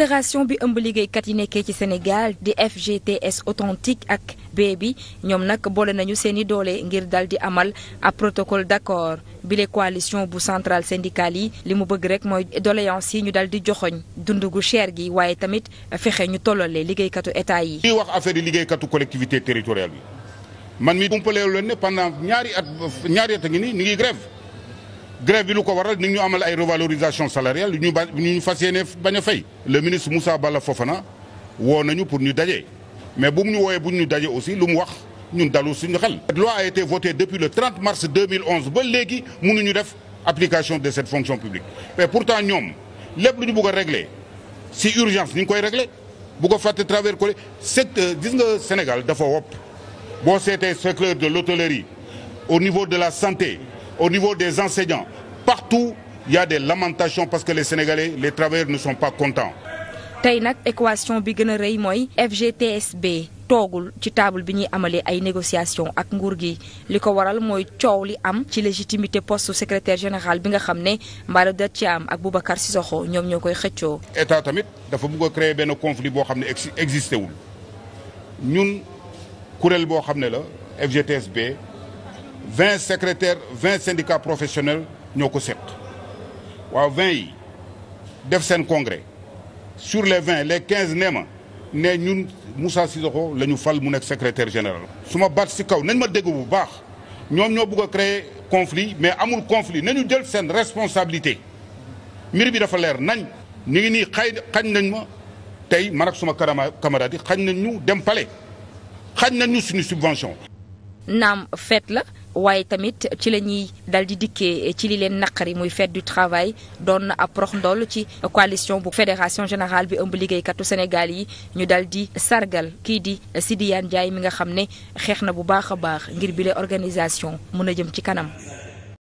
fédération bi ëmb liggéeykat yi nekkee ci Sénégal di FGTS authentique ak B bi ñoom nag boole nañu seeni doole ngir dal di amal ab protocole d'accord bile coalition bu centrale syndicale yi li mu bëgg rek mooy doléance yi ñu dal di joxoñ dund gu cher gi waaye tamit fexe ñu tollale liggéeykatu état yi. ñuy wax affaire yi liggéeykatu collectivité territoriale bi man mi umpaleelu leen ne pendant ñaari at a ngi nii ñu ngi grève grève bi lu ko waral ni ñu amal ay revalorisation salariale yu ñu ba ñu fas yéene bañ a fay. le ministre Moussa Balla Fofana woo nañu pour ñu daje mais bu mu ñu wooyee bu ñu daje aussi lu mu wax ñun dalu suñu xel. cette loi a été votée depuis le 30 mars 2011 ba léegi ñu def application de cette fonction publique mais pourtant ñoom lépp lu ñu bëgg a régler si urgence ñu ngi koy régler bu ko fàtte travers ko secteur euh, gis nga Sénégal dafa wopp boo seetee secteur de l'hôtellerie au niveau de la santé au niveau des enseignants partout il y a des parce que les Sénégalais les travailleurs ne sont pas contents. tey nag équation bi gën a rëy mooy FGTSB toogul ci table bi ñuy amalee ay négociations ak nguur gi li ko waral mooy coow li am ci légitimité post secretaire général bi nga xam ne ci am ak Boubacar Sissoko ñoom ñoo koy xëccoo. état tamit dafa bëgg a créer benn conflit boo xam ne existé wul ñun kuréel boo xam ne la FGTSB vingt secrétaires vingt syndicats professionnels. ñoo ko seq waaw vingt yi def seen congrès sur les vingt les quinze nee ma ne ñun Moussa Sissoko la ñu fal mu nekk secretaire général. suma ma baat si kaw nañ ma dégg bu baax ñoom ñoo bëgg a créer conflit mais amul conflit nañu jël seen responsabilité mbir bi dafa leer nañ. ñu ngi nii xay xañ nañ ma tey man suma camarade yi xañ nañ ñu dem palais xañ nañu ñu suñu subvention. naam fet la. waaye tamit ci la ñuy dal di dikkee ci li leen naqari muy fête du travail doon na ab prox ndoll ci coalition bu fédération générale bi ëmb liggéeykatu Sénégal yi ñu dal di sargal kii di sidiyaan Yane mi nga xam ne xeex na bu baax a baax ngir bile organisation mën a jëm ci kanam